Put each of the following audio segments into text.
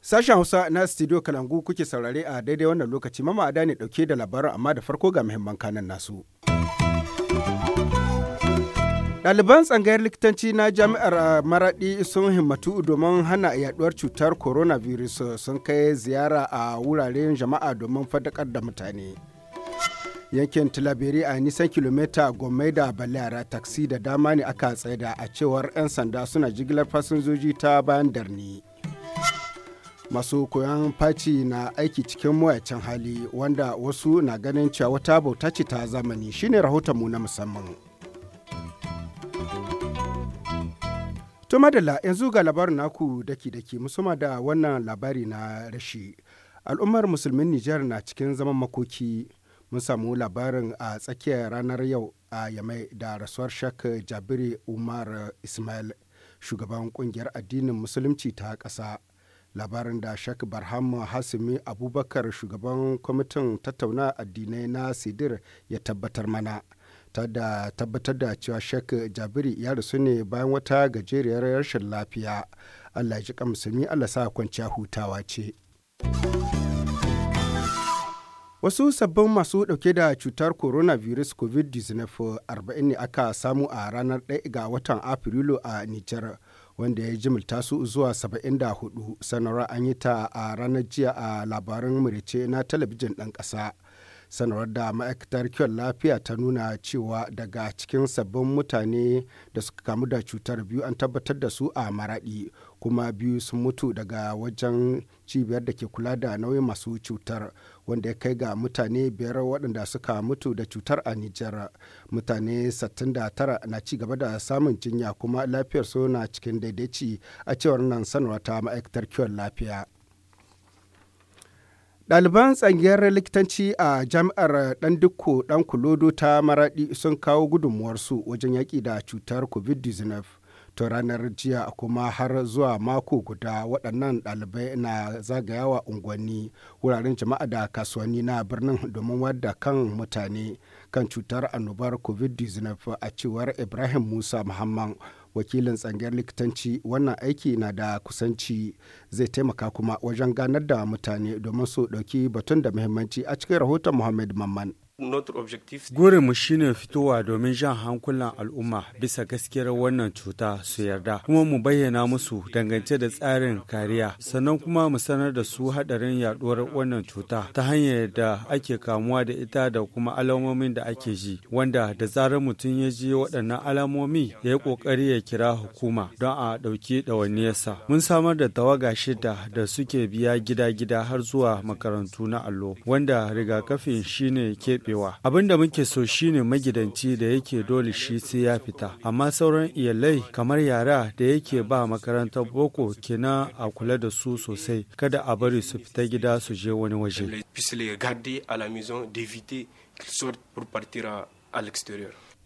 Sashen Hausa na studio Kalangu kuke saurare a daidai wannan lokaci mama ada ne dauke da labaran amma da farko ga muhimman kanan nasu. Ɗaliban tsangayar likitanci na jami'ar ah, Maraɗi sun himmatu domin hana yaduwar cutar coronavirus sun kai ziyara a wuraren jama'a domin faɗakar da mutane. yankin tilabiri a nisan kilomita gomai da balara taksi da dama ne aka tsaida a cewar 'yan sanda suna jigilar fasinjoji ta bayan darni masu koyon faci na aiki cikin mawacin hali wanda wasu na ganin cewa wata bauta ce ta zamani shine rahoton mu na musamman To madalla yanzu ga labarin naku daki-daki musuma da wannan labari na rashi. Al'ummar musulmin Nijar na cikin zaman makoki mun samu labarin a tsakiyar ranar yau a yamai da rasuwar shak jabiri umar ismail shugaban kungiyar addinin musulunci ta ƙasa labarin da shak barham hasimi abubakar shugaban kwamitin tattauna addinai na sidir ya tabbatar mana ta da tabbatar da cewa shak jabiri ya rasu ne bayan wata gajeriyar rashin lafiya allah ji musulmi allah sa kwanciya hutawa ce. Wasu sabbin masu dauke da cutar coronavirus COVID-19 40 ne aka samu a ranar 1 ga watan Afrilu a Nijar. wanda ya jimilta su zuwa 74 sanarwar an yi ta a ranar jiya a labarin murice na talabijin ɗan ƙasa sanarwar da ma'aikatar kiwon lafiya ta nuna cewa daga cikin sabbin mutane da suka kamu da cutar biyu an tabbatar da su a maraɗi kuma biyu sun mutu daga wajen cibiyar da ke kula da nauyin masu cutar wanda ya kai ga mutane biyar waɗanda suka mutu da cutar a Nijar. Mutane 69 na ci gaba da samun jinya kuma lafiyar su na cikin daidaici a cewar nan sanarwa ta ma'aikatar kiwon lafiya. Ɗaliban tsangiyar likitanci a jami'ar ɗan dukko ɗan kulodo ta maraɗi sun kawo gudunmuwarsu wajen yaƙi da cutar covid-19 ta ranar jiya kuma har zuwa mako guda waɗannan ɗalibai na zagayawa unguwanni wuraren jama'a da kasuwanni na birnin domin wadda kan mutane kan cutar annobar covid-19 a cewar ibrahim musa muhammad wakilin tsangiyar likitanci wannan aiki na da kusanci zai taimaka kuma wajen ganar da mutane domin su ɗauki batun da muhimmanci a cikin rahoton muhammad mamman mu shine fitowa domin jan hankulan al'umma bisa gaskiyar wannan cuta su yarda, kuma mu bayyana musu dangance da tsarin kariya, sannan kuma mu sanar da su haɗarin yaɗuwar wannan cuta ta hanyar da ake kamuwa da ita da kuma alamomin da ake ji, wanda da zarar mutum ya ji waɗannan alamomi ya yi ƙoƙari ya kira hukuma don a ɗauki ɗawainiyarsa. Mun samar da tawaga shida da suke biya gida-gida har zuwa makarantu na allo, wanda rigakafin shine ke rufewa abin da muke so shine magidanci da yake dole shi sai ya fita amma sauran iyalai kamar yara da yake ba makarantar boko kenan a kula da su sosai kada a bari su fita gida su je wani waje.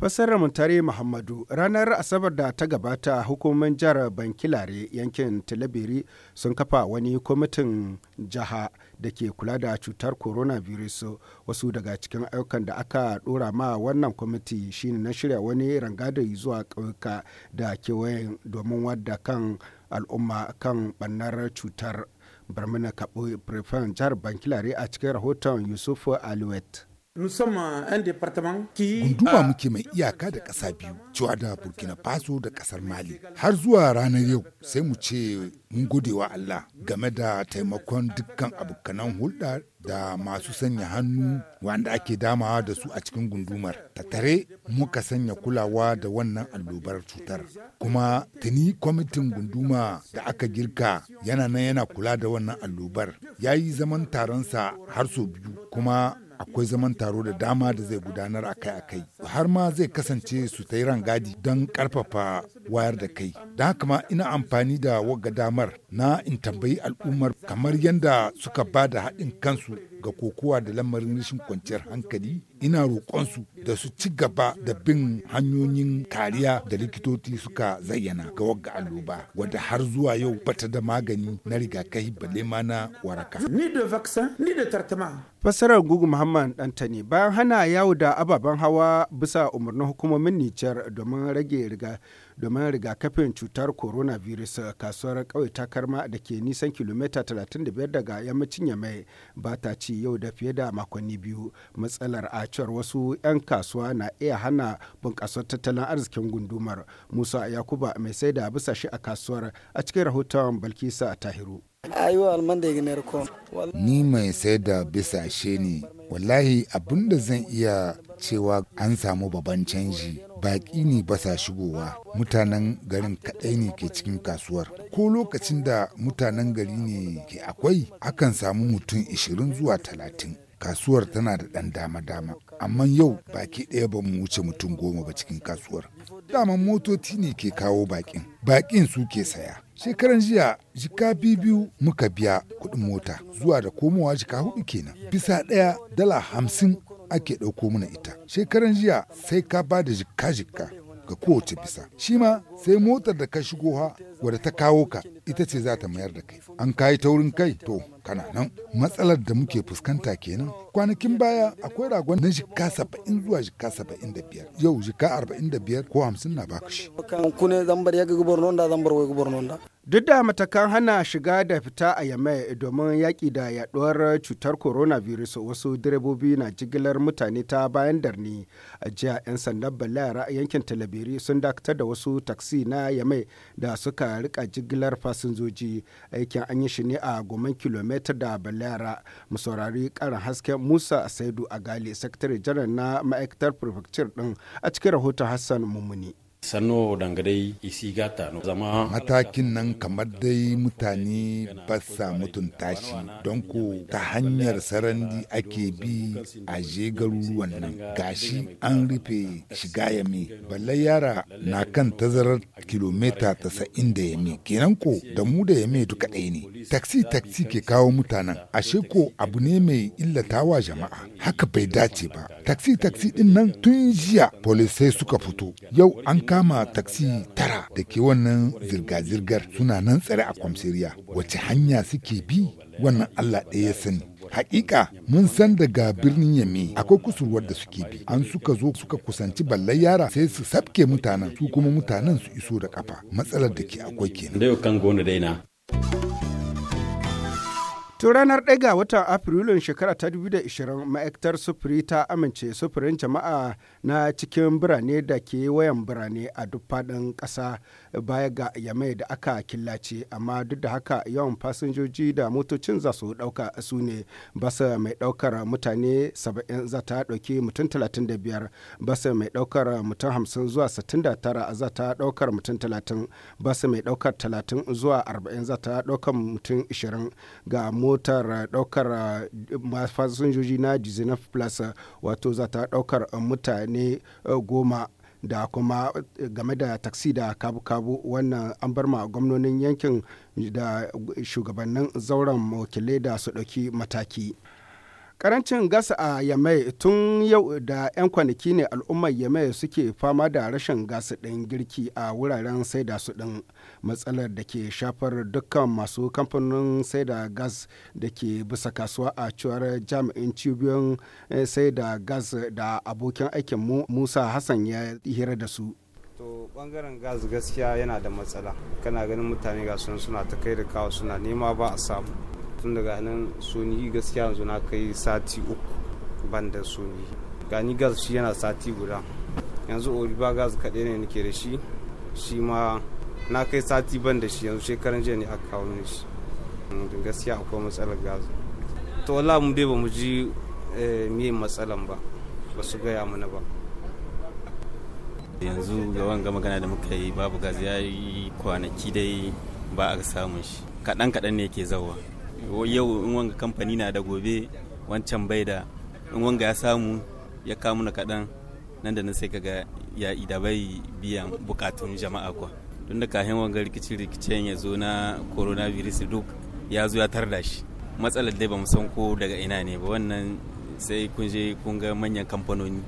Fassarar Tare Muhammadu ranar Asabar da ta gabata hukumomin jihar Bankilare yankin talabiri sun kafa wani kwamitin jiha da ke kula da cutar coronavirus wasu daga cikin ayyukan da aka dora ma wannan kwamiti shine na shirya wani rangadai zuwa ƙauyuka da kewayen domin wadda kan al'umma kan bannar cutar barmina kaɓo jihar Bankilare a cikin rahoton Yusuf Aliwet. Nous Gunduma muke mai iyaka da ƙasa biyu, cewa da Burkina Faso da ƙasar Mali. Har zuwa ranar yau sai mu ce mun gode wa Allah game da taimakon dukkan abokanan hulɗa da masu sanya hannu wanda ake damawa da su a cikin gundumar. Tattare muka sanya kulawa da wannan allobar cutar. Kuma tuni kwamitin gunduma da aka girka yana nan yana kula da wannan allobar. Ya yi zaman sa har sau biyu kuma akwai zaman taro da dama da zai gudanar akai-akai har ma zai kasance su ta yi rangadi don karfafa. wayar da kai da haka ma ina amfani da waga damar na in tambayi al'ummar kamar yadda suka ba da haɗin kansu ga kokowa da lamarin rashin kwanciyar hankali ina roƙonsu da su ci gaba da bin hanyoyin kariya da likitoci suka zayyana ga wagga alloba wadda har zuwa yau bata da magani na rigakafi balle ma na waraka ni da vaccin ni da tartama fassarar gugu muhammad dantani bayan hana yawo da ababen hawa bisa umarnin hukumomin nijar domin rage riga domin rigakafin cutar coronavirus kasuwar kauye takarma da ke nisan kilomita 35 daga yammacin yamai ba ta ci yau da fiye da makonni biyu matsalar a cewar wasu 'yan kasuwa na iya hana bunkasar tattalin arzikin gundumar musa yakuba mai sai da bisa shi a kasuwar a cikin rahoton balkisa tahiru ni mai sai da bisa shi ne wallahi abin da zan iya cewa an samu babban canji baƙi ne ba sa shigowa mutanen garin kaɗai ne ke cikin kasuwar ko lokacin da mutanen gari ne ke akwai akan samu mutum 20 zuwa 30 kasuwar tana da ɗan dama-dama amma yau baki ɗaya ba mu wuce mutum goma ba cikin kasuwar daman motoci ne ke kawo baƙin baƙin su ke saya shekaran jiya jika biyu muka biya kuɗin mota zuwa da komowa jika hudu kenan bisa ɗaya dala hamsin ake ɗauko mana ita shekaran jiya sai ka ba da jikka-jikka ga kowace bisa shi ma sai motar da ka shigo ha wadda ta kawo ka ita ce za ta mayar da kai an kayi taurin kai to kana nan matsalar da muke fuskanta kenan kwanakin baya akwai ragon na jika saba'in zuwa jika saba'in da biyar yau jika arba'in da biyar ko hamsin na baka shi. ya Duk da matakan hana shiga da fita a Yamai domin yaƙi da yaɗuwar cutar coronavirus wasu direbobi na jigilar mutane ta bayan darni. A jiya 'yan sandan Balayara yankin Talabiri sun dakatar da wasu taksi na Yamai da suka rika jigilar fasinjoji. Aikin an yi shi ne a goma kilomita da balara Mu saurari ƙarin hasken Musa Saidu gali Sakatare Janar na Ma'aikatar Prefecture din a cikin rahoton Hassan mummuni. sanno dangadai isi gata no zama matakin nan kamar dai mutane ba sa mutunta shi don ko ta hanyar sarandi ake bi a je garuruwan nan gashi an rufe shiga yami balle yara na kan tazarar kilomita inda da yami kenan ko da mu da yami duka ɗaya ne taksi taksi ke kawo mutanen ashe ko abu ne mai illatawa jama'a haka bai dace ba taksi taksi din nan tun jiya folisai suka fito yau an kama taksi tara da ke wannan zirga-zirgar suna nan tsare a kwamsiriya wace hanya suke bi wannan allah ɗaya ya sani hakika mun san daga birnin yami akwai kusurwar da suke bi an suka zo suka kusanci ballai yara sai su sabke mutanen su kuma mutanen su iso da kafa matsalar da ke akwai kenan Tun ranar ɗaya watan Afrilun shekara ta 2020 ma'aikatar sufuri ta amince sufurin jama'a na cikin birane da ke wayan birane a duk faɗin ƙasa baya ga yamai da aka killace amma duk da haka yawan fasinjoji da motocin za su dauka su ne basa mai daukar mutane 70 za ta dauki mutum 35 basa mai daukar mutum 50 zuwa 69 za ta daukar mutum 30 basa mai daukar 30 zuwa 40 za ta daukar mutum 20 ga motar daukar fasinjoji na 19 plus wato za ta daukar mutane goma da kuma eh, game da taksi da kabu-kabu wannan an bar ma gwamnonin yankin da shugabannin zauren wakilai da su ɗauki mataki. Karancin gas a Yamai tun yau da 'yan kwanaki ne al'ummar Yamai suke fama da rashin gas ɗin girki a wuraren saida su ɗin matsalar da ke shafar dukkan masu kamfanin saida gas da ke bisa kasuwa a cewar jami'in cibiyoyin eh, saida gas da abokin aikin Musa Hassan ya hira da su. to bangaren gas gaskiya yana da matsala kana ganin mutane ga suna ta kai da kawo suna nema ba a samu tun daga nan sonihi gaskiya yanzu na kai sati uku ban da sonihi gani gas shi yana sati guda yanzu ba gas kaɗai ne nake da shi shi ma na kai sati ban da shi yanzu shekaran jiya ne aka kawo mini shi mm, gaskiya akwai matsalar gas to wala mu dai ba mu ji eh, miye matsalan ba ba su gaya mana ba yanzu ga wanga magana da muka yi babu gas ya yi kwanaki dai ba a samun shi kaɗan-kaɗan ne ke zauwa yau in wanga kamfani na da gobe wancan bai da in wanga ya samu ya kamu na kaɗan nan da nan sai kaga ya ida bai biyan bukatun jama'a kuwa tun da kahin wanga rikici rikicen ya zo na coronavirus duk ya zo ya tarda shi matsalar dai ba mu san ko daga ina ne ba wannan sai kun je kun ga manyan kamfanoni.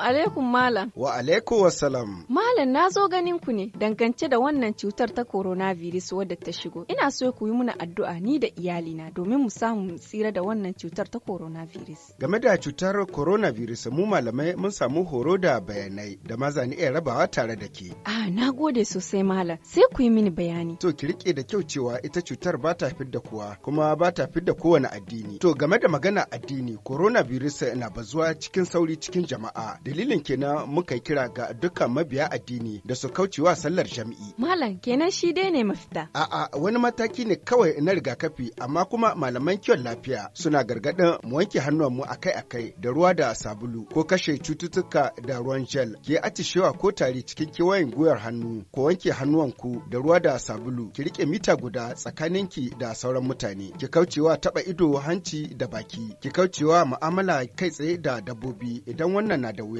alaikum malam. Wa alaikum wassalam. Malam na zo ganin ku ne dangance da wannan cutar ta coronavirus wadda ta shigo. Ina so ku yi muna addu'a ni da iyalina domin mu samu tsira da wannan cutar ta coronavirus. Game da cutar coronavirus mu malamai mun samu horo da bayanai da ma zani iya rabawa tare da ke. Ah na gode sosai malam sai ku yi mini bayani. To ki rike da kyau cewa ita cutar ba ta fidda kuwa kuma ba ta fidda kowane addini. To game da magana addini coronavirus na bazuwa cikin sauri cikin jama'a Dalilin kenan muka yi kira ga duka mabiya addini da su kaucewa sallar Jami'i. Malam kenan shi dai ne mafita. A'a wani mataki ne kawai na rigakafi amma kuma malaman kiwon lafiya suna gargadin mu wanke hannuwanmu akai-akai da ruwa da sabulu ko kashe cututtuka da ruwan gel ke atishewa ko tari cikin kewayen guyar hannu ko wanke ku da ruwa da sabulu ki rike mita guda tsakanin ki da sauran mutane ki kaucewa taba ido hanci da baki ki kaucewa mu'amala kai tsaye da dabbobi idan wannan na da wuya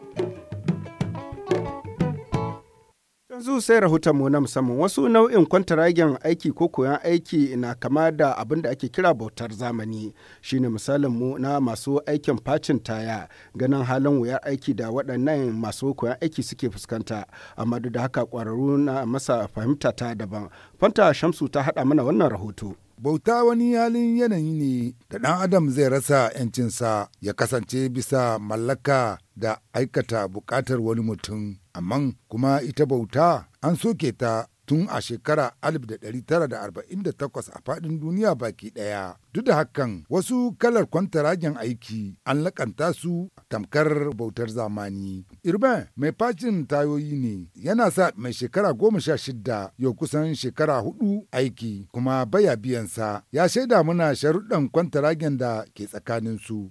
yanzu sai rahoton mu na musamman wasu nau'in kwantaragen aiki ko koyon aiki na kama da abin da ake kira bautar zamani shine misalin mu na masu aikin facin taya ganin halin wuyar aiki da waɗannan masu koyon aiki suke fuskanta amma duk da haka ƙwararru na masa fahimta ta daban fanta shamsu ta haɗa mana wannan rahoto Bauta wani halin yanayi ne da ɗan Adam zai rasa ‘yancinsa ya kasance bisa mallaka da aikata buƙatar wani mutum, amma kuma ita bauta an soke ta tun a shekara 1948 a faɗin duniya baki ɗaya. Duk da hakan wasu kalar kwantaragen aiki an lakanta su tamkar bautar zamani. Irben mai facin tayoyi ne yana sa mai shekara goma sha shidda yau kusan shekara hudu aiki kuma baya biyansa ya shaida muna sharuɗan kwantaragen da ke tsakanin su.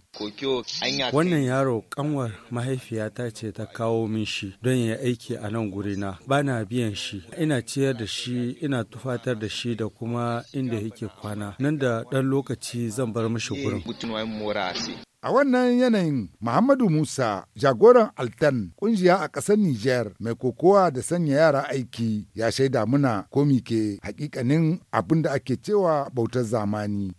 Wannan yaro kanwar mahaifiyata ce ta kawo min shi don ya aiki a nan gurina bana biyan shi ina ciyar tafiyar da shi ina tufatar da shi da kuma inda yake kwana nan da ɗan lokaci zan bar mashi gurin A wannan yanayin Muhammadu Musa, jagoran Altan, kungiya a ƙasar Nijar mai kokowa da sanya yara aiki, ya shaida muna komi ke hakikanin abin da ake cewa bautar zamani.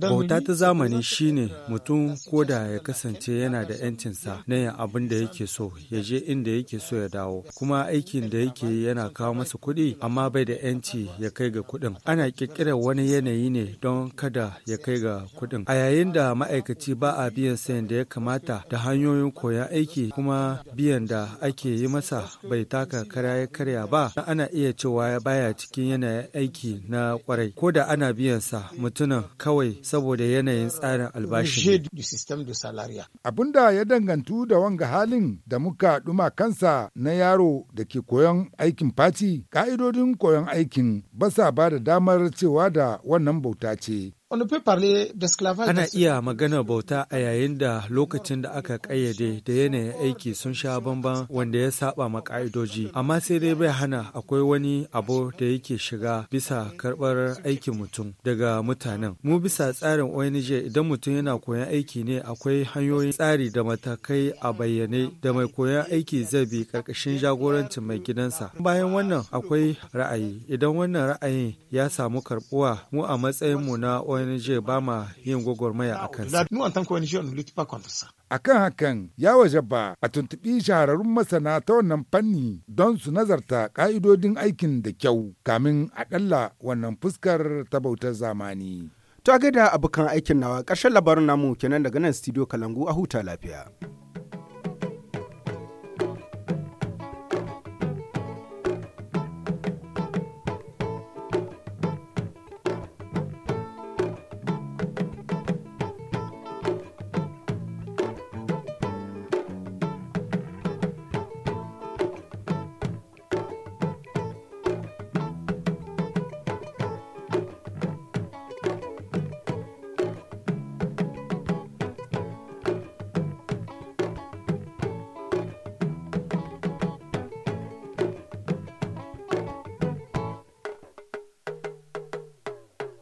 Bauta ta zamani shine mutum ko da ya kasance yana da 'yancinsa na yin abin da yake so, ya je inda yake so ya dawo, kuma aikin da yake yana kawo masa kuɗi amma bai da 'yanci ya kai ga kuɗin. Ana ƙirƙirar wani yanayi ne don kada ya kai ga kuɗin. A yayin da ma'aikaci ba a biyan sayan da ya kamata da hanyoyin koyan aiki kuma biyan da ake yi masa bai taka kara ya karya ba, ana iya cewa baya cikin yanayin aiki na kwarai. Ko da ana biyan sa mutumin kawai saboda yanayin tsarin albashi. Abin da ya dangantu da wanga halin da muka ɗuma kansa na yaro da ke koyon aikin Fati, ƙa'idodin koyon aikin ba sa ba da damar cewa da wannan bauta ce. Ana iya magana bauta a yayin da lokacin da aka kayyade da yanayin aiki sun sha bamban wanda ya saba ma ka'idoji amma sai dai bai hana akwai wani abu da yake shiga bisa karɓar aikin mutum daga mutanen. Mu bisa tsarin ONG idan mutum yana koyan aiki ne akwai hanyoyin tsari da matakai a bayyane da mai koyan aiki zai bi ƙarƙashin jagorancin mai gidansa. Bayan wannan akwai ra'ayi, idan wannan ra'ayin ya samu karbuwa, mu a matsayinmu na ONG Niger ba ma yin gwagwarmaya a A kan hakan ya waje ba a tuntuɓi shahararrun masana ta wannan fanni don su nazarta ƙa'idodin aikin da kyau kamin a ɗalla wannan fuskar ta bautar zamani. Ta gada abokan aikin nawa ƙarshen labarin namu kenan daga nan studio Kalangu a huta lafiya.